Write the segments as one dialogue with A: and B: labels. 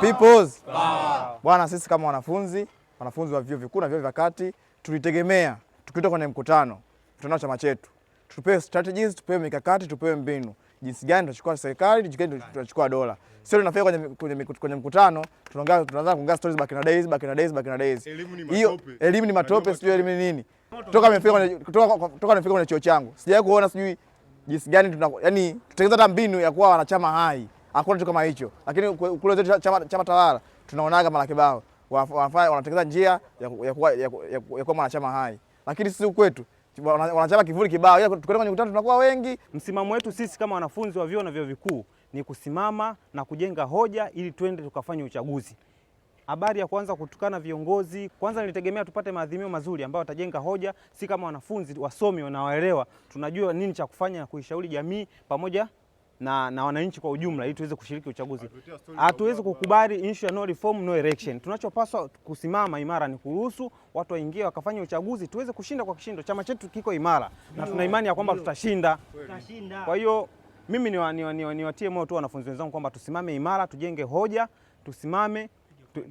A: Peoples. Bwana, sisi kama wanafunzi wanafunzi wa vyuo vikuu na vyuo vya kati tulitegemea tukiita kwenye mkutano mkutano chama chetu tupewe strategies, tupewe mikakati, tupewe mbinu jinsi gani tunachukua serikali, jinsi gani tunachukua dola. Sio tunafika kwenye, kwenye, kwenye mkutano tunaongea tunaanza kuongea stories back in days, back in days, back in days.
B: Elimu ni matope.
A: Elimu ni matope, sio elimu ni nini? Toka nimefika kwenye toka toka nimefika kwenye chuo changu. Sijawahi kuona sijui jinsi gani tuna yani tutengeneza hata mbinu ya kuwa wanachama hai hakuna kitu kama hicho, lakini kule zetu chama, chama tawala tunaonaga mara kibao wanatengeneza njia ya kuwa ya, ya, mwanachama hai, lakini sisi kwetu wanachama kivuli kibao, ila tukienda kwenye mkutano tunakuwa wengi.
C: Msimamo wetu sisi kama wanafunzi wa vyuo na vyuo vikuu ni kusimama na kujenga hoja ili twende tukafanye uchaguzi. Habari ya kuanza kutukana viongozi, kwanza nilitegemea tupate maadhimio mazuri ambayo watajenga hoja, si kama wanafunzi wasomi na waelewa, tunajua nini cha kufanya na kuishauri jamii pamoja na, na wananchi kwa ujumla ili tuweze kushiriki uchaguzi. Hatuwezi kukubali issue ya no reform no election. Tunachopaswa kusimama imara ni kuruhusu watu waingie wakafanya uchaguzi tuweze kushinda kwa kishindo. Chama chetu kiko imara na tuna imani ya kwamba tutashinda. Kwa hiyo mimi niwatie moyo tu wanafunzi wenzangu kwamba tusimame imara, tujenge hoja, tusimame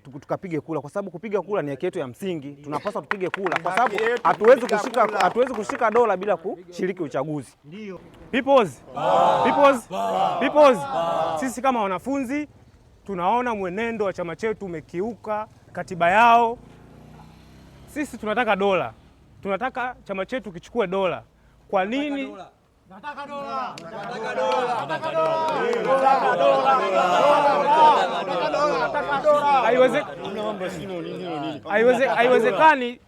C: tukapige kura, kwa sababu kupiga kura ni haki yetu ya msingi. Tunapaswa tupige kura, kwa sababu hatuwezi kushika hatuwezi kushika dola bila kushiriki uchaguzi.
A: Peoples, peoples, peoples, sisi kama wanafunzi tunaona mwenendo wa chama chetu umekiuka katiba yao. Sisi tunataka dola, tunataka chama chetu kichukue dola. Kwa nini?
D: Nataka dola.
E: Nataka dola. Nataka
F: dola
A: haiwezekani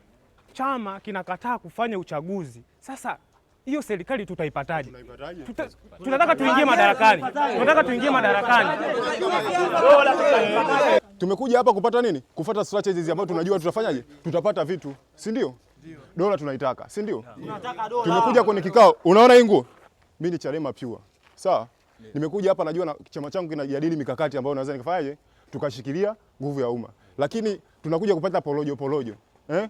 A: chama kinakataa kufanya uchaguzi. Sasa hiyo serikali tutaipataje? tunataka tuingie madarakani, tunataka tuingie madarakani. Tumekuja hapa kupata nini? kufata strategies ambazo tunajua tutafanyaje, tutapata vitu, si ndio? Dola tunaitaka, si ndio? Tumekuja kwenye kikao, unaona hii nguo, mimi ni Chadema pure, sawa. Nimekuja hapa najua na chama changu kinajadili mikakati ambayo naweza nikafanyaje tukashikilia nguvu ya umma, lakini tunakuja kupata porojo porojo eh?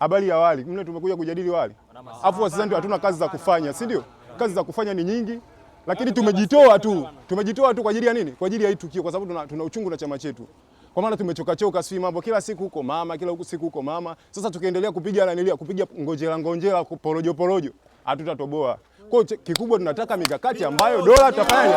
A: Habari ya wali mle, tumekuja kujadili wali, afu sasa ndio hatuna kazi za kufanya, si ndio? Kazi za kufanya ni nyingi, lakini tumejitoa tu, tumejitoa tu kwa ajili ya nini? Kwa ajili ya hii tukio, kwa sababu tuna, tuna uchungu na chama chetu, kwa maana tumechoka choka, si mambo kila siku huko mama, kila siku huko mama. Sasa tukiendelea kupiga lanilia, kupiga ngonjera ngonjera, porojo porojo, hatutatoboa. Kwa kikubwa tunataka mikakati ambayo dola tutafanya